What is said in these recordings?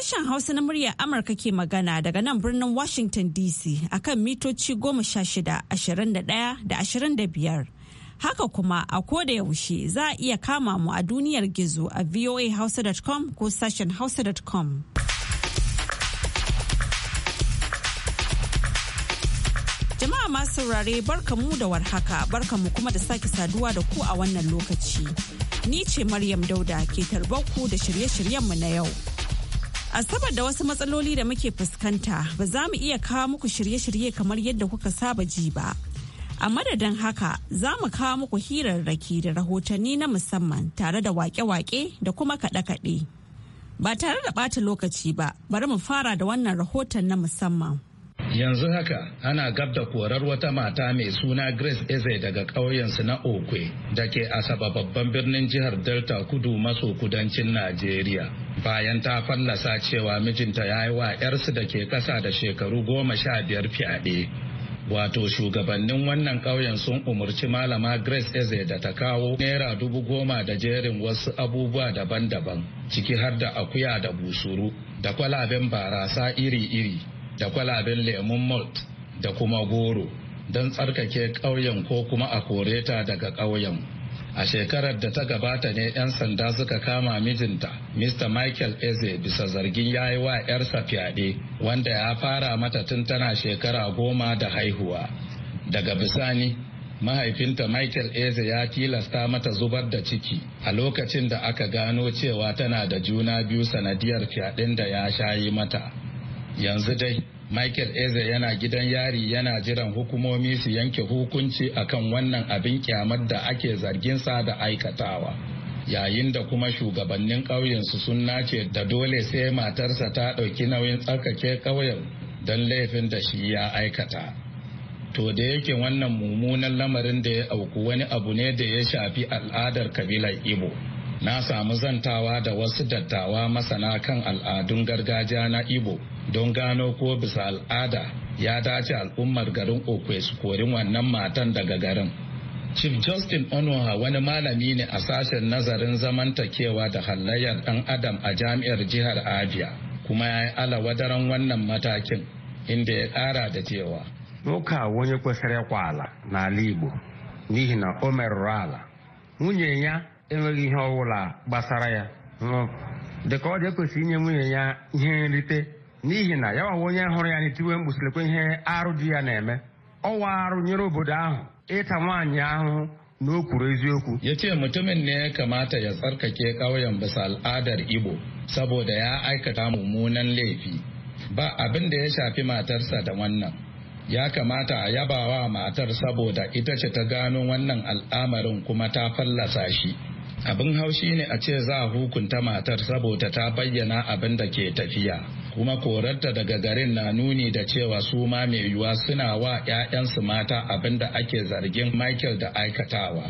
Sashen Hausa na muryar Amurka ke magana daga nan birnin Washington DC a kan mitoci goma sha ashirin da ɗaya da ashirin da biyar. Haka kuma a koda yaushe za a iya kama mu a duniyar gizo a voahausa.com ko sashen hausa.com. Jama'a masu saurare barkamu da warhaka barkamu kuma da sake saduwa da ku a wannan lokaci. Ni ce Maryam Dauda ke tarbar da shirye-shiryenmu na yau. A saboda wasu matsaloli da muke fuskanta ba za mu iya kawo muku shirye-shirye kamar yadda kuka saba ji ba. A madadin haka za mu kawo muku hirarraki da rahotanni na musamman tare da wake-wake da kuma kaɗe-kaɗe. Ba tare da ɓata lokaci ba, bari mu fara da wannan rahoton na musamman. yanzu haka ana gab da korar wata mata mai suna grace eze daga ƙauyensu na okwe da ke asaba babban birnin jihar delta kudu maso kudancin najeriya bayan ta fallasa cewa mijinta ya yi wa 'yarsu da ke ƙasa da shekaru goma sha biyar fyaɗe wato shugabannin wannan ƙauyen sun umarci malama grace eze da ta kawo naira dubu goma da jerin wasu abubuwa daban-daban ciki har da akuya da busuru da kwalaben barasa iri-iri da kwalaben lemon malt da kuma goro don tsarkake ƙauyen ko kuma a kore ta daga ƙauyen. A shekarar da ta gabata ne 'yan sanda suka kama mijinta, Mr. Michael Eze bisa zargin ya yi wa 'yarsa fyaɗe wanda ya fara mata tun tana shekara goma da haihuwa. Daga bisani, mahaifinta Michael Eze ya tilasta mata zubar da ciki a lokacin da aka gano cewa tana da juna biyu sanadiyar fyaɗen da ya shayi mata. yanzu dai michael eze yana gidan yari yana jiran hukumomi su yanke hukunci akan wannan abin kyamar da ake zarginsa da aikatawa yayin da kuma shugabannin ƙauyensu sun nace da dole sai matarsa ta ɗauki nauyin tsarkake ƙauyen don laifin da shi ya aikata to da yake wannan mummunan lamarin da ya auku wani abu ne da ya shafi al'adar kabilar ibo na samu zantawa da wasu dattawa masana kan al'adun gargajiya na ibo don gano ko bisa al'ada ya dace al'ummar garin okwe su kori wannan matan daga garin chief justin onoha wani malami ne a sashen nazarin zamantakewa da halayyar dan adam a jami'ar jihar abia kuma ya yi alawadaran wannan matakin inda ya kara da cewa Doka wani kwasare kwala na libo n'ihi na o merụrụ ala nwunye ya enweghị ihe ọwụla gbasara ya dịka ọ dị ekwesịrị inye nwunye ya ihe nrite n'ihi na ya nwa onye hụrụ ya n'etiwe mkpusilikwa ihe arụ di ya na-eme ọwa arụ nyere obodo ahụ ịta nwaanyị ahụhụ na o kwuru ya ce mutumin ne ya kamata ya tsarkake ƙauyen bisa al'adar igbo saboda ya aikata mummunan laifi ba abin da ya shafi matarsa da wannan ya kamata a yabawa matar saboda ita ce ta gano wannan al'amarin kuma ta fallasa shi abin haushi ne a ce za a hukunta matar saboda ta bayyana abin da ke tafiya kuma korarta daga garin na nuni da cewa su ma mai yiwuwa suna wa 'ya'yansu mata abin da ake zargin michael da aikatawa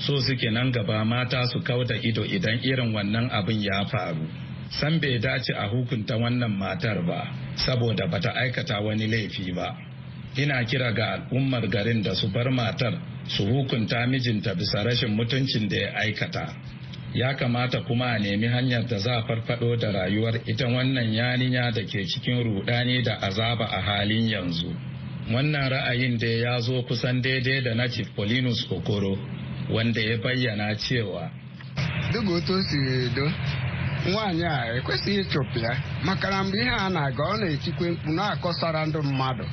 so suke nan gaba mata su kauda ido idan irin wannan abin ya faru san bai dace a hukunta wannan matar ba saboda bata aikata wani laifi ba ina kira ga al'ummar garin da su bar matar su hukunta mijinta bisa rashin mutuncin da ya aikata ya kamata kuma a nemi hanyar da za a farfado da rayuwar ita wannan yaninya da ke cikin rudani da azaba a halin yanzu wannan ra'ayin da ya zo kusan daidai da na chief polinus okoro wanda ya bayyana cewa duk otu siri nwaanyị a ekwesịghị ịchụpụ ya maka na mgbe ihe a na-aga ọ na-etikwe mkpu na-akọsara ndị mmadụ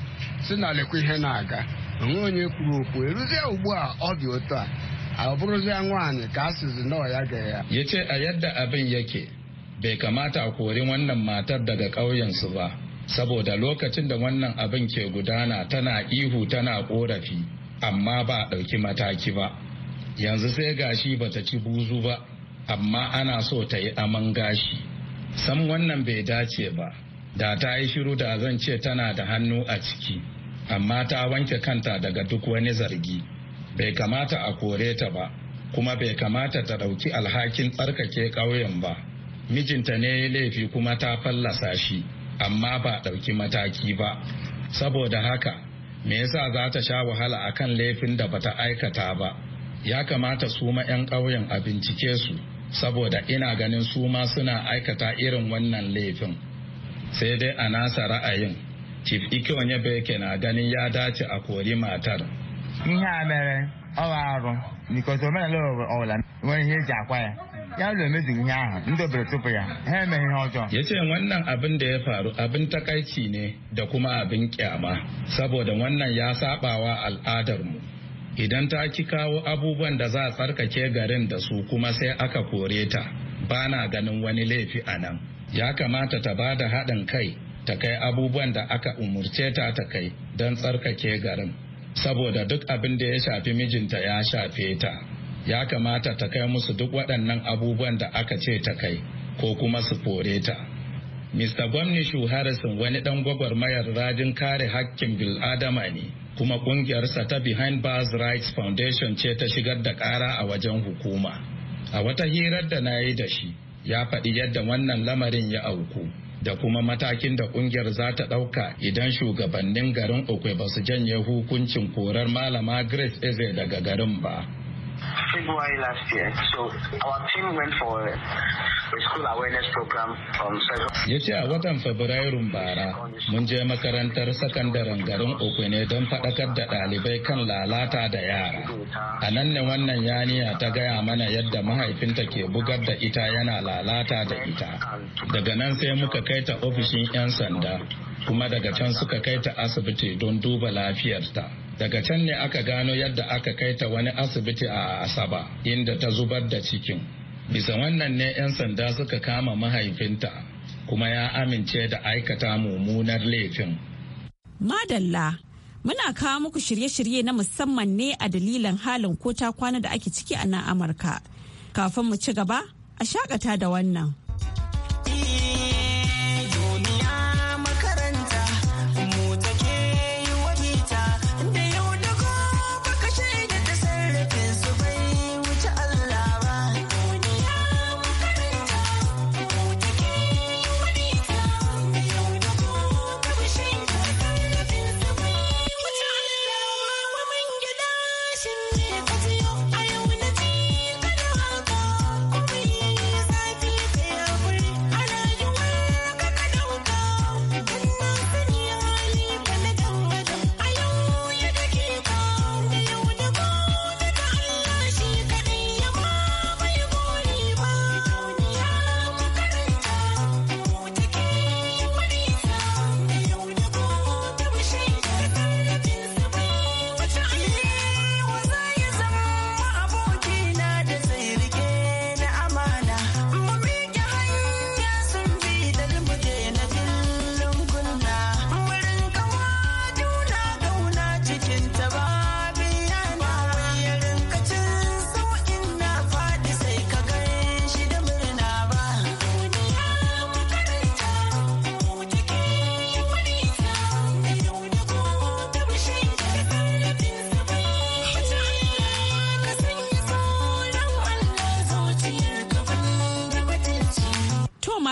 si na lekwa ihe na-aga onwe onye kwuru okwu eruzie ugbu a ọ dị otu a a ya ya ce a yadda abin yake bai kamata a kori wannan matar daga ƙauyensu ba saboda lokacin da wannan abin ke gudana tana ihu tana korafi amma ba a ɗauki mataki ba yanzu sai gashi bata ci buzu ba amma ana so ta yi aman gashi san wannan bai dace ba da ta yi shiru da zan ce tana da hannu a ciki amma ta wanke kanta daga duk wani zargi. bai kamata a kore ta ba kuma bai kamata ta ɗauki alhakin tsarkake ƙauyen ba mijinta ne ya laifi kuma ta fallasa shi amma ba ɗauki mataki ba saboda haka me yasa za ta sha wahala akan laifin da bata aikata ba ya kamata su ma 'yan ƙauyen a bincike su saboda ina ganin su ma suna aikata irin wannan laifin sai dai a nasa ra'ayin chief ikonye beke na ganin ya dace a kori matar ihe a mere ọwa arụ nikọta omenala ọbụla nwere ihe eji akwa ya ya ụlọ emezighị ihe ahụ ndị obere tupu ya ha emeghị ihe ọjọọ ya ce wannan abin da ya faru abin takaici ne da kuma abin kyama saboda wannan ya sabawa al'adarmu idan ta ki kawo abubuwan da za a tsarkake garin da su kuma sai aka kore ta ba na ganin wani laifi a nan ya kamata ta ba da haɗin kai ta kai abubuwan da aka umurce ta ta kai don tsarkake garin saboda duk abin da ya shafi mijinta ya shafe ta ya kamata ta kai musu duk waɗannan abubuwan da aka ce ta kai ko kuma su fore ta mr gwamnishu harrison wani ɗan gwagwarmayar rajin kare hakkin bil'adama ne kuma ƙungiyarsa ta behind bars rights foundation ce ta shigar da ƙara a wajen hukuma a wata hirar da na yi da shi ya faɗi yadda wannan lamarin ya auku da kuma matakin da kungiyar za ta ɗauka idan shugabannin garin Okwe ba su janye hukuncin korar malama Grace Eze daga garin ba. February last year. So our team went for a, school awareness program from Ya ce a watan Fabrairun bara mun je makarantar sakandaren garin Okwene don faɗakar da ɗalibai kan lalata da yara. A nan ne wannan yaniya ta gaya mana yadda mahaifinta ke bugar da ita yana lalata da ita. Daga nan sai muka kai ta ofishin 'yan sanda kuma daga can suka kai ta asibiti don duba lafiyarta. daga can ne aka gano yadda aka kai ta wani asibiti a asaba inda ta zubar da cikin bisa wannan ne 'yan sanda suka kama mahaifinta kuma ya amince da aikata mummunar laifin madalla muna kawo muku shirye-shirye na musamman ne a dalilin halin ko ta kwana da ake ciki a nan amurka kafin mu ci gaba a shakata da wannan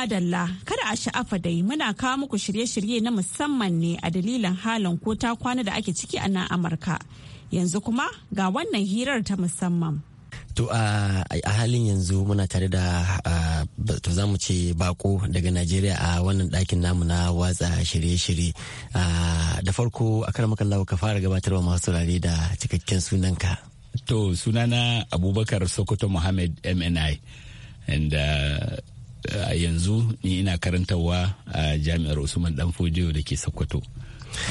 madalla kada a sha'afa dai muna kawo muku shirye-shirye na musamman ne a dalilin halin ko ta kwana da ake ciki a nan Amurka. Yanzu kuma ga wannan hirar ta musamman. To a halin yanzu muna tare da to za mu ce bako daga Najeriya a wannan ɗakin namu na watsa shirye-shirye. Da farko a kan makallawa ka fara gabatarwa masu saurare da cikakken sunanka. To sunana Abubakar Sokoto Muhammad MNI. And uh, a yanzu ni ina karantarwa a jami'ar usman dan fodiyo da ke sokoto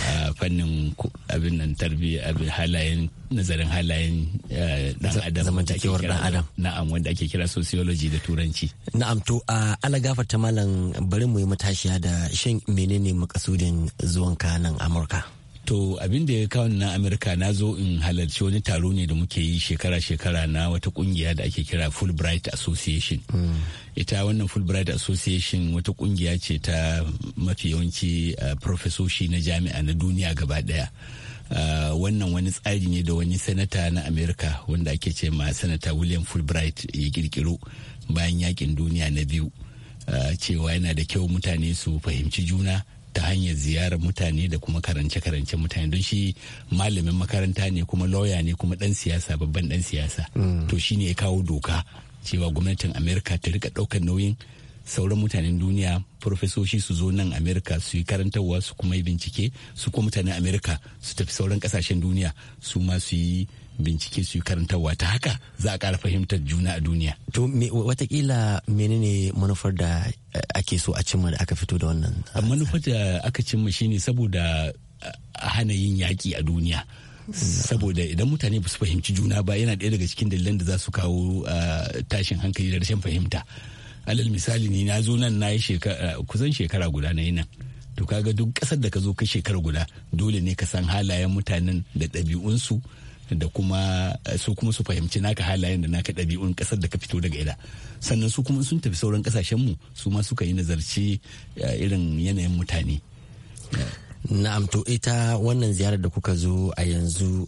a fannin abin nan tarbiyya abin halayen nazarin halayen eh, dan adam zamantakewar dan adam na'am wanda ake kira sociology da turanci na'am to a alagafar ta malam bari mu yi matashiya da shin menene makasudin zuwanka nan amurka to abin da ya kawo na amurka na zo in halarci wani taro ne da muke yi shekara-shekara na wata kungiya da ake kira fulbright association mm. ita wannan fulbright association wata kungiya ce ta mafi yawanci uh, profesoshi na jami'a na duniya gaba daya Uh, wannan wani tsari ne da wani sanata na amerika wanda ake ce ma sanata william fulbright ya kirkiro bayan yakin duniya na biyu uh, cewa yana da kyau mutane su fahimci juna ta hanyar ziyarar mutane da kuma karance-karance mutane don shi malamin makaranta ne kuma lauya ne kuma dan siyasa babban dan siyasa mm. to shi ne ya kawo doka cewa gwamnatin amerika ta rika daukar nauyin sauran mutanen duniya profesoshi su zo nan amerika su yi karantarwa su kuma yi bincike su kuma mutanen amerika su tafi sauran kasashen duniya su ma su yi bincike su karantarwa ta haka za a ƙara fahimtar juna a duniya. To watakila menene manufar da eh, ake so a cimma da aka fito da wannan? Manufar da aka cimma shine saboda eh, hana yin yaƙi a duniya. saboda idan mutane ba su fahimci juna ba yana ɗaya daga cikin dalilan da za su kawo eh, tashin hankali da rashin fahimta alal misali ni na zo nan na yi kusan shekara guda na yi nan to kaga duk ƙasar da ka zo ka shekara guda dole ne ka san halayen mutanen da ɗabi'unsu da kuma eh, su kuma su fahimci naka halayen da naka ɗabi'un ƙasar da ka fito daga ila sannan su kuma sun tafi sauran ƙasashenmu su ma suka yi nazarci eh, irin yanayin mutane na'am to ita wannan ziyarar da kuka zo a yanzu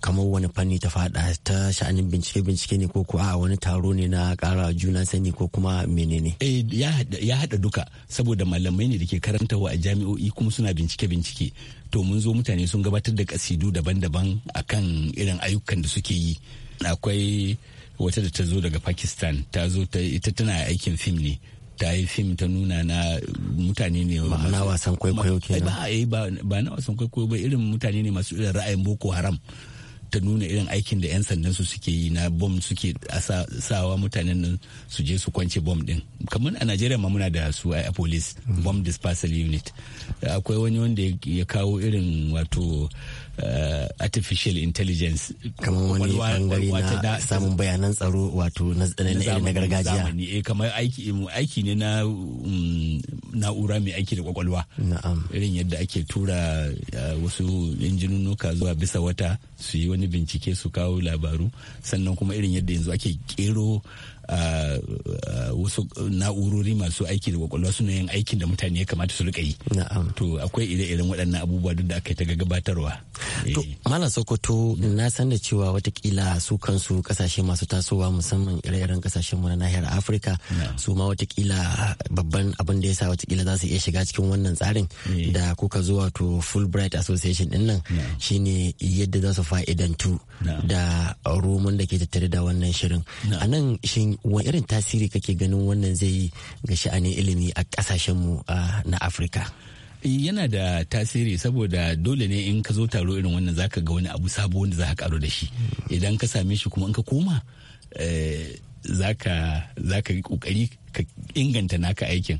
kamar wani fanni ta fada ta sha'anin bincike bincike ne ko kuwa a wani taro ne na kara juna sani ko kuma menene eh, ya hada duka saboda malamai ne da ke karantawa a jami'o'i kuma suna bincike bincike to mun zo mutane sun gabatar da kasidu daban-daban a kan irin ayyukan da suke yi akwai wata da ta zo daga pakistan ta zo ita tana aikin fim ne ta yi fim ta nuna na mutane ne ma'ana wasan kwaikwayo ba ba na wasan kwaikwayo ba irin mutane ne masu irin ra'ayin boko haram ta nuna irin aikin da 'yan sandan su suke yi na bom suke sawa mutanen nan su je su kwance bom din kamar a najeriya ma muna da su a police bom dispersal unit akwai wani wanda ya kawo irin wato uh, artificial intelligence kamar wani bangare na samun bayanan tsaro wato na gargajiya eh, kamar aiki ne na mm, na'ura mai aiki da kwakwalwa irin yadda ake tura eh, wasu injinunuka zuwa bisa wata su yi wani bincike su kawo labaru sannan kuma irin yadda yanzu ake kero wasu na'urori masu aiki da kwakwalwa suna yin aikin da mutane ya kamata su rika yi to akwai ire-iren waɗannan abubuwa duk da aka yi ta gabatarwa to eh. malam sokoto na san da cewa watakila su kansu kasashe masu tasowa musamman ire-iren kasashen mu na nahiyar afirka su ma watakila babban abin da ya sa watakila za su iya shiga cikin wannan tsarin eh. da kuka zuwa wato fulbright association din nan shine yadda za su fa'idantu da rumun da ke tattare da wannan shirin a nan shin wani irin tasiri kake ganin wannan zai yi ga sha'anin ilimi a kasashenmu na afirka yana da tasiri saboda dole ne in ka zo taro irin wannan zaka ga wani abu sabo wanda za ka karo da shi idan ka same shi kuma in ka koma eh, zaka zaka yi kokari ka inganta naka aikin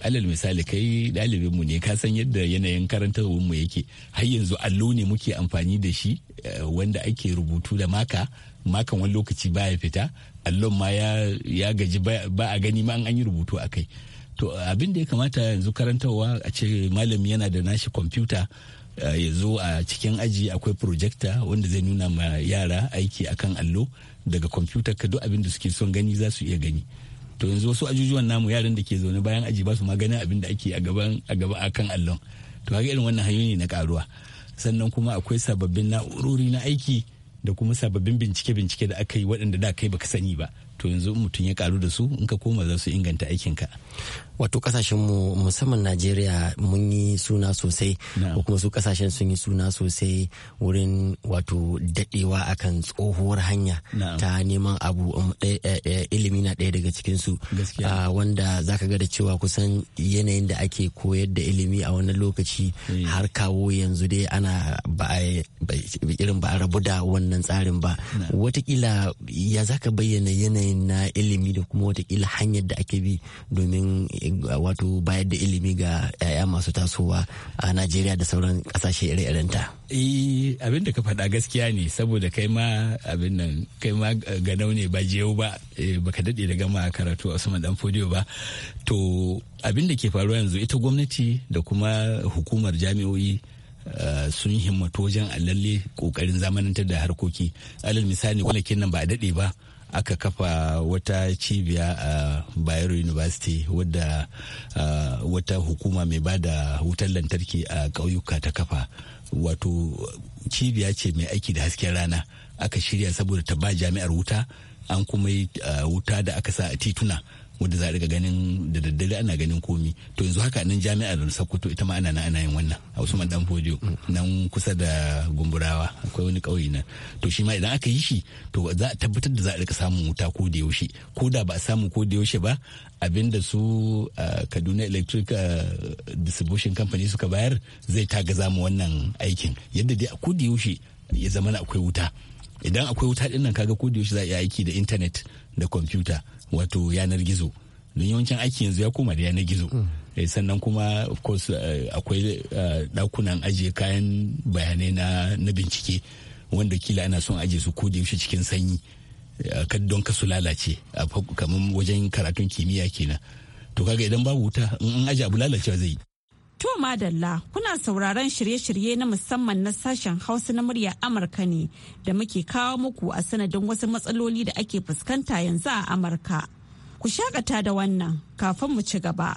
alal misali kai ɗalibin mu ne ka san yadda yanayin karantarwar mu yake har yanzu allo ne muke amfani da shi eh, wanda ake rubutu da maka makan wani lokaci baya fita allon ma ya gaji ba a gani ma an yi rubutu a kai to abin da ya kamata yanzu karantarwa a ce malami yana da nashi kwamfuta ya zo a cikin aji akwai projector wanda zai nuna ma yara aiki akan allo daga kwamfuta ka duk abin da suke son gani za su iya gani to yanzu wasu ajujuwan namu yaran da ke zaune bayan aji ba su ma ganin abin da ake a gaban a gaba akan allon to haka irin wannan hanyoyi ne na karuwa sannan kuma akwai sababbin na'urori na aiki da kuma sababbin bincike-bincike da aka yi waɗanda da kai baka sani ba to yanzu mutum ya karu da su in ka koma za su inganta aikinka wato kasashen mu musamman najeriya mun yi suna sosai ko kuma su kasashen sun yi suna sosai wurin wato dadewa akan tsohuwar hanya ta neman abu um, ilimi na ɗaya daga cikin cikinsu ah, wanda zaka ga da cewa kusan yanayin da ake koyar da ilimi a wannan lokaci eh. har kawo yanzu dai ana ba irin ba rabu da wannan tsarin ba watakila ya zaka bayyana yanayin na ilimi da kuma watakila hanyar da ake bi domin wato bayar da ilimi ga 'ya'ya masu tasowa a najeriya da sauran kasashe ire ta eh, abin da ka faɗa gaskiya ne saboda kai ma abin nan kai ma ganau ne ba jewu ba eh, baka daɗe da gama karatu a suma dan fodiyo ba to abin da ke faruwa yanzu ita gwamnati da kuma hukumar jami'o'i Uh, sun himmatu wajen lalle kokarin zamanantar da harkoki alal misali kwanakin nan ba a daɗe ba aka kafa wata cibiya a bayero university wadda wata hukuma mai ba da wutar lantarki a ƙauyuka ta kafa wato cibiya ce mai aiki da hasken rana aka shirya saboda ta ba jami'ar wuta an kuma yi wuta da aka sa a tituna wanda za a riga ganin da daddare ana ganin komi to yanzu haka nan jami'ar Sokoto ita ma ana nan ana yin wannan a Usman Dan Fodio nan kusa da Gumburawa akwai wani kauye nan to shi ma idan aka yi shi to za a tabbatar da za a riga samun wuta ko da yaushe ko da ba a samu ko da yaushe ba abinda su Kaduna Electric Distribution Company suka bayar zai tagaza mu wannan aikin yadda dai ko da yaushe ya zama akwai wuta idan akwai wuta din kaga ko da yaushe za a yi aiki da intanet da kwamfuta wato yanar gizo don yawancin aiki yanzu ya koma da yanar gizo eh, sannan kuma of course eh, akwai dakunan eh, ajiye kayan bayanai na bincike wanda kila ana son ajiye su ko da yaushe cikin sanyi don ka su lalace kamar wajen karatun kimiyya kenan to kaga idan babu wuta in aji abu lalacewa zai yi. To madalla kuna sauraron shirye-shirye na musamman na sashen hausa na murya Amurka ne da muke kawo muku a sanadin wasu matsaloli da ake fuskanta yanzu a Amurka. Ku shakata da wannan kafin mu ci gaba.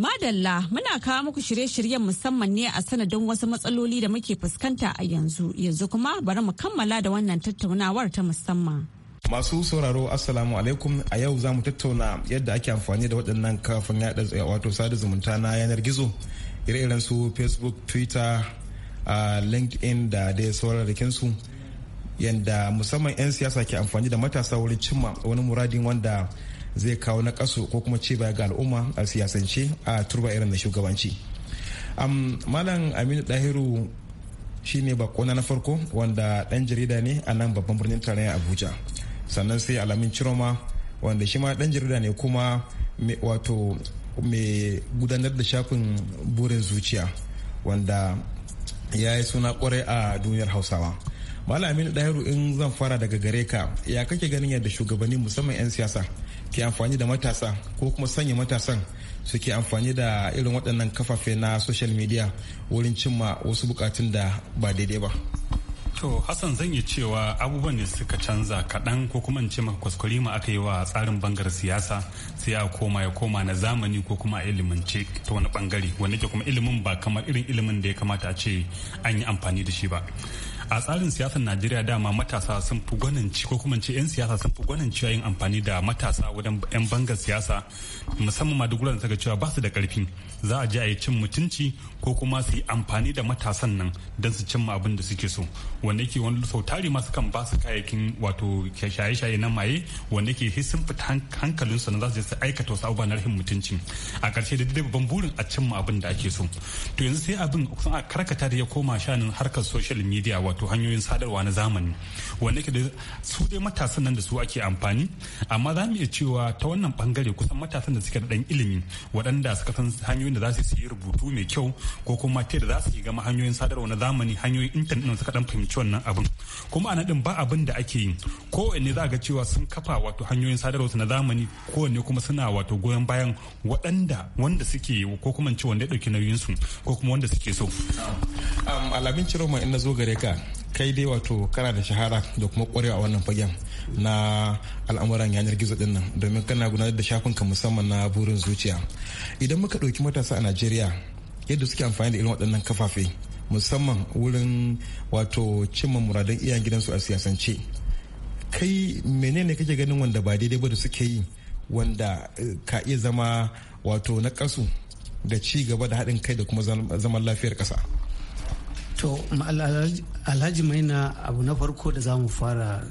Madalla muna kawo muku shirye-shiryen musamman ne a sanadin wasu matsaloli da muke fuskanta a yanzu yanzu kuma bari mu kammala da wannan tattaunawar ta musamman. Masu sauraro Assalamu alaikum a yau za mu tattauna yadda ake amfani da waɗannan kafin yaɗa wato sada zumunta na yanar gizo ire su Facebook, Twitter, uh, LinkedIn da dai sauran su yadda musamman 'yan siyasa ke amfani da matasa wurin cimma wani muradin wanda zai kawo na kaso ko kuma ce baya ga al'umma a siyasance a turba irin na shugabanci malam aminu dahiru shine bakona na farko wanda dan jarida ne a nan babban birnin tarayya abuja sannan sai alamin ciroma wanda shi ma dan jarida ne kuma wato mai gudanar da shafin burin zuciya wanda ya yi suna kwarai a duniyar hausawa malam aminu dahiru in zan fara daga gare ka ya kake ganin yadda shugabanni musamman 'yan siyasa ke amfani da matasa ko kuma sanya matasan suke amfani da irin waɗannan kafafe na social media wurin cimma wasu bukatun da ba daidai ba to hassan zan yi cewa abubuwan ne suka canza kaɗan ko kuma ce maka kwaskwari ma aka yi wa tsarin bangar siyasa sai a koma ya koma na zamani ko kuma a ilimin ce ta wani bangare wanda ke kuma ilimin ba kamar irin ilimin da ya kamata a ce an yi amfani da shi ba a tsarin siyasar najeriya dama matasa sun fi ci ko kuma ce 'yan siyasa sun fi gwaninci yin amfani da matasa wajen 'yan bangar siyasa musamman ma duk suka cewa ba su da karfi za a je a yi cin mutunci ko kuma su yi amfani da matasan nan don su cimma abin da suke so wanda ke wani sau tari masu kan ba su kayayyakin wato shaye-shaye na maye wanda ke sai sun fita hankalinsu na za su je su aikata wasu abubuwa na rahin mutunci a ƙarshe da dai babban burin a cimma abin da ake so to yanzu sai abin kusan a karkata da ya koma shanin harkar social media wato wato hanyoyin sadarwa na zamani wanda ke da su dai matasan nan da su ake amfani amma za mu iya cewa ta wannan bangare kusan matasan da suke da dan ilimi waɗanda suka san hanyoyin da za su yi rubutu mai kyau ko kuma ta da za su yi gama hanyoyin sadarwa na zamani hanyoyin intanet ɗin suka dan fahimci wannan abin kuma a nan ba abin da ake yi ko ne za ga cewa sun kafa wato hanyoyin sadarwa na zamani ko ne kuma suna wato goyon bayan waɗanda wanda suke ko kuma ce wanda ya ɗauki nauyinsu ko kuma wanda suke so. Alabin Ciroma in na zo gare ka kai dai wato kana da shahara da kuma kwarewa a wannan fagen na al'amuran yanar gizo din nan domin kana gudanar da shafin shafinka musamman na burin zuciya idan muka ɗauki matasa a najeriya yadda suke amfani da irin waɗannan kafafe musamman wurin wato cimma muradan iyayen gidansu a siyasance kai menene kake ganin wanda ba daidai ba da suke yi wanda eh, ka iya zama wato na kasu da ci gaba da haɗin kai da kuma zaman lafiyar ƙasa. To Alhaji Maina abu na farko da za mu fara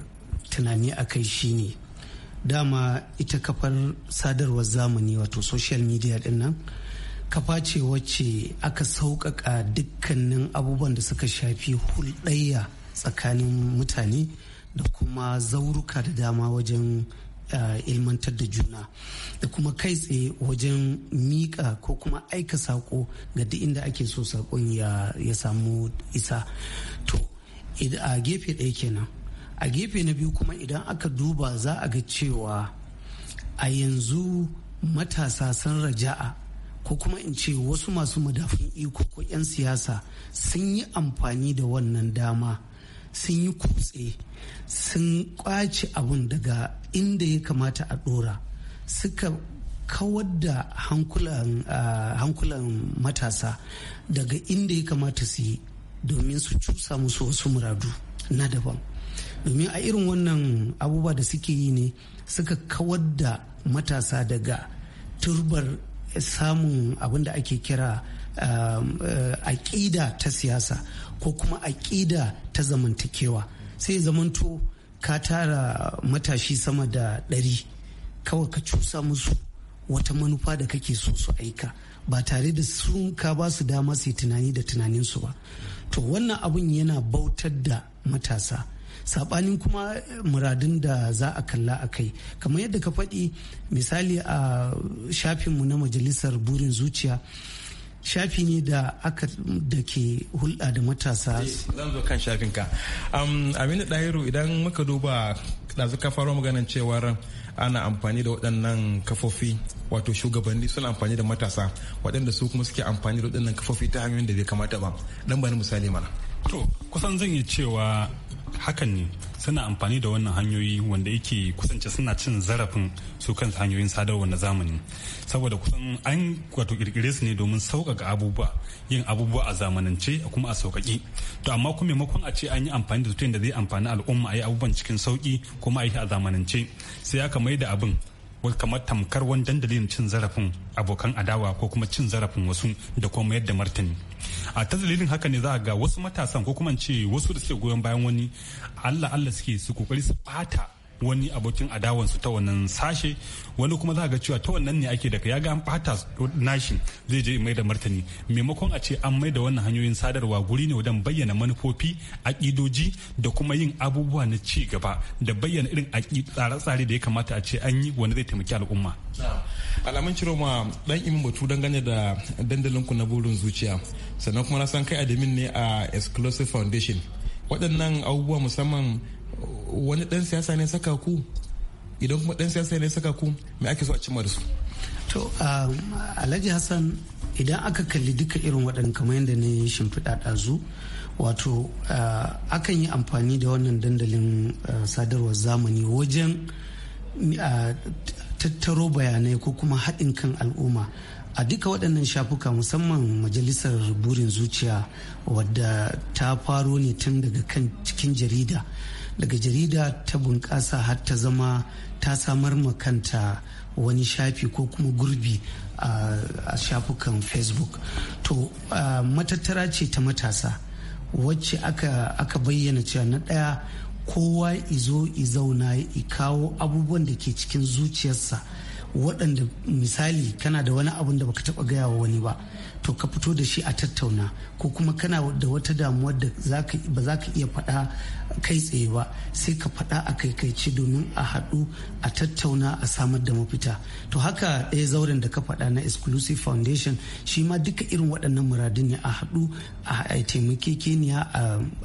tunani a kai shi ne dama ita kafar sadarwar zamani wato social media din nan kafa ce wacce aka sauƙaƙa dukkanin abubuwan da suka shafi hulɗayya tsakanin mutane da kuma zauruka da dama wajen Eh, ilmantar da juna da kuma kai tsaye wajen mika ko kuma aika sako ga duk inda ake so sakon ya samu isa to a gefe ɗaya kenan a gefe na biyu kuma idan aka duba za a ga cewa a yanzu matasa sun raja'a ko kuma in ce wasu masu madafin iko ko 'yan siyasa sun yi amfani da wannan dama sun yi kutse sun kwace abun daga inda ya kamata a dora suka kawar da hankulan matasa daga inda ya kamata su yi domin su cusa musu wasu muradu na daban domin a irin wannan abubuwa da suke yi ne suka kawar da matasa daga turbar samun abin da ake kira Um, uh, aƙida ta siyasa ko kuma aƙida ta zamantakewa sai zamanto ka tara matashi sama da ɗari kawai ka cusa musu wata manufa da kake so su aika ba tare da sun ka ba su dama su tunani da tunaninsu ba to wannan abun yana bautar da matasa sabanin kuma muradun da za a kalla a kai kamar yadda ka faɗi misali a shafinmu na majalisar burin zuciya shafi ne da aka da ke hulɗa da matasa eh, zan zo kan shafin ka aminu ɗahiru idan muka duba ɗazu ka faro maganin cewar ana amfani da waɗannan kafofi wato shugabanni suna amfani da matasa waɗanda su kuma suke amfani da waɗannan kafofi ta hanyoyin da bai kamata ba dan bani misali mana to kusan zan yi cewa hakan ne suna amfani da wannan hanyoyi wanda yake kusance suna cin zarafin su kansu hanyoyin sadarwa na zamani saboda kusan an wato kirkire su ne domin sauƙaƙa abubuwa yin abubuwa a zamanance kuma a sauƙaƙi to amma kuma maimakon a ce an yi amfani da tutun da zai amfani al'umma a yi abubuwan cikin sauƙi kuma a yi a zamanance sai aka mai da abin kamar tamkar wani dandalin cin zarafin abokan adawa ko kuma cin zarafin wasu da kuma mayar da martani a ta dalilin haka ne za a ga wasu matasan ko kuma ce wasu da suke goyon bayan wani allah allah suke su kokari su bata wani abokin adawansu ta wannan sashe wani kuma za ga cewa ta wannan ne ake daga ya ga an bata nashi zai je mai da martani maimakon a ce an mai da wannan hanyoyin sadarwa guri ne wajen bayyana manufofi aƙidoji da kuma yin abubuwa na ci gaba da bayyana irin tsare-tsare da ya kamata a ce an yi wani zai taimaki al'umma. alamun ciro ma dan imin batu dangane da dandalin ku na burin zuciya sannan kuma na san kai adamin ne a exclusive foundation waɗannan abubuwa musamman wani dan siyasa ne saka ku idan kuma dan siyasa ne saka ku me ake so a cimma da su to um, alhaji hassan idan aka kalli duka irin waɗannan kamar yadda na shimfiɗa ɗazu wato uh, akan yi amfani da wannan dandalin uh, sadarwar zamani wajen uh, tattaro bayanai ko kuma haɗin kan al'umma a duka waɗannan shafuka musamman majalisar burin zuciya wadda ta faro ne tun daga kan cikin jarida daga jarida ta bunƙasa har ta zama ta samar ma kanta wani shafi ko kuma gurbi a shafukan facebook to matattara ce ta matasa wacce aka bayyana cewa na ɗaya kowa izo izauna ya kawo abubuwan da ke cikin zuciyarsa waɗanda misali kana da wani abun da baka taɓa gaya wa wani ba to ka fito da shi a tattauna ko kuma kana da wata damuwar da ba za ka iya faɗa kai tsaye ba sai ka faɗa a kai kai ce domin a haɗu a tattauna a samar da mafita to haka ɗaya zauren da ka faɗa na exclusive foundation shi ma duka irin waɗannan muradin ne a haɗu a taimakekeniya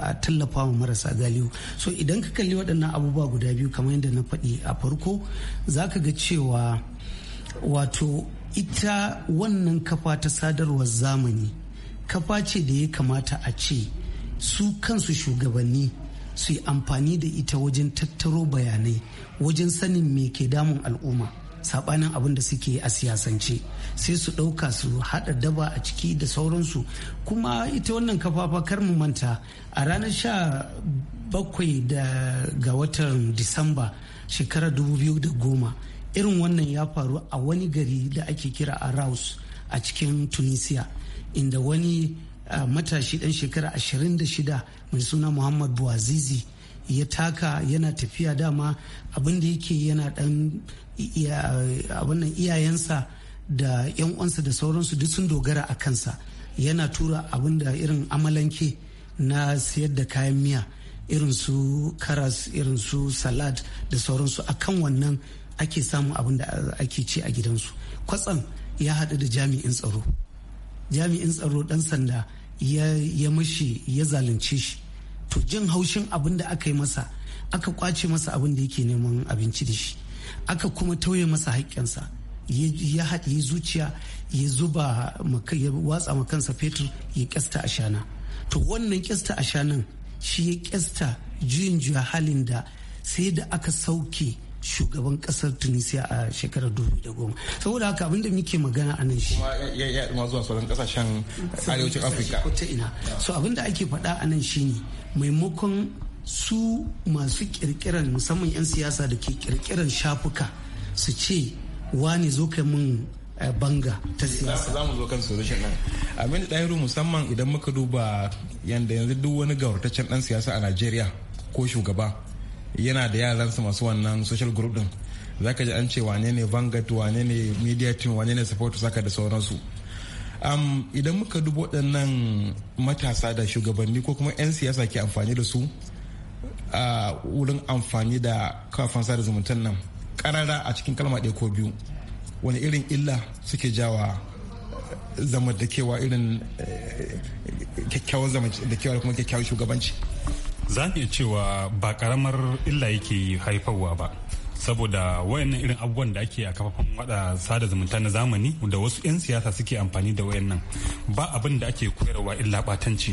a tallafa wa marasa galihu so idan ka kalli waɗannan abubuwa guda biyu kamar yadda na faɗi a farko za ka ga cewa wato ita wannan kafa ta sadarwar zamani kafa ce da ya kamata a ce su kansu shugabanni su yi amfani da ita wajen tattaro bayanai wajen sanin me ke damun al'umma sabanin abin da suke a siyasance sai su ɗauka su haɗa daba a ciki da sauransu kuma ita wannan kafafa kar mu manta a ranar sha bakwai ga watan disamba shekarar 2010 irin wannan ya faru a wani gari da ake kira a raus a cikin tunisia inda wani matashi dan shekara 26 mai suna muhammad buazizi ya taka yana tafiya dama abin da yake yana dan abin iyayensa da yan uwansa da sauransu duk sun dogara a kansa yana tura abin da irin amalanke na sayar da kayan miya irin su karas irin su salad da sauransu akan wannan ake samun abin da ake ci a gidansu kwatsam ya haɗu da jami'in tsaro jami'in tsaro ɗan sanda ya mashi ya zalunce shi to jin haushin abin da aka yi masa aka kwace masa abin da yake neman abinci da shi aka kuma tauye masa haƙƙinsa ya haɗe zuciya ya zuba ya watsa ma kansa fetur ya kyasta a shana to wannan kyasta a shanan shi ya kyasta juyin juya halin da sai da aka sauke shugaban kasar tunisia a shekarar 2010 saboda haka abinda muke magana a nan shi ya yi ma zuwa sauran kasashen arewacin afirka ko ta ina so abinda ake faɗa a nan ne maimakon su masu kirkirar musamman 'yan siyasa da ke kirkirar shafuka su ce wani zo kai min eh, banga ta siyasa za mu zo kan solution nan abin da ɗayaru musamman idan muka duba yanda yanzu duk wani gawartaccen ɗan siyasa a najeriya ko shugaba yana da yaransa masu wannan social group din zaka ji an ce wane ne vanguard wane ne media team wane ne support saka da sauransu um, idan muka duba waɗannan matasa da shugabanni ko kuma 'yan siyasa ke amfani da su a wurin amfani da kafan sada zumuntan nan karara a cikin kalma ɗaya ko biyu wani irin illa suke jawa zamantakewa irin eh, kyakkyawan zamantakewa da kuma kyakkyawan shugabanci za iya cewa ba karamar illa yake haifarwa ba saboda wayannan irin abubuwan da ake a kafafen wada sada zumunta na zamani da wasu 'yan siyasa suke amfani da wayannan ba abin da ake koyarwa illa batanci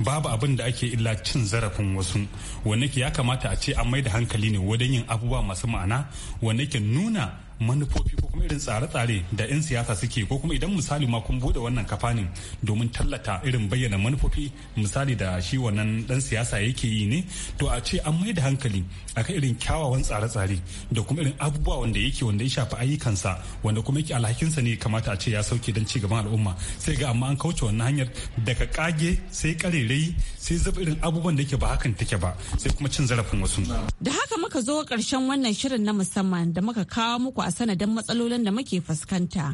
babu abin da ake illa cin zarafin wasu wanda ke ya kamata a ce an mai da hankali ne wajen yin abubuwa masu ma'ana wanda ke nuna manufofi ko kuma irin tsare-tsare da 'yan siyasa suke ko kuma idan misali ma kun bude wannan kafanin domin tallata irin bayyana manufofi misali da shi wannan dan siyasa yake yi ne to a ce an mai da hankali akan irin kyawawan tsare-tsare da kuma irin abubuwa wanda yake wanda ya shafi ayyukansa wanda kuma yake alhakinsa ne kamata a ce ya sauke don ci gaban al'umma sai ga amma an kauce wannan hanyar daga kage sai karerai sai zaba irin abubuwan da yake ba hakan take ba sai kuma cin zarafin wasu da haka muka zo karshen wannan shirin na musamman da muka kawo muku a sanadin matsalolin da muke fuskanta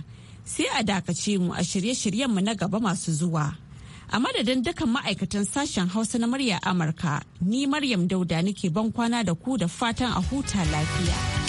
sai a dakace mu a shirye-shiryenmu na gaba masu zuwa. A madadin dukkan ma'aikatan sashen Hausa na murya Amurka, ni Maryam Dauda nake ban kwana da ku da fatan a huta lafiya.